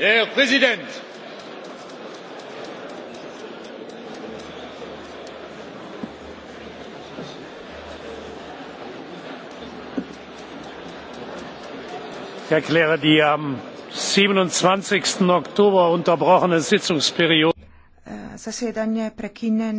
herr präsident ich erkläre die am. siebenundzwanzig oktober unterbrochene sitzungsperiode äh,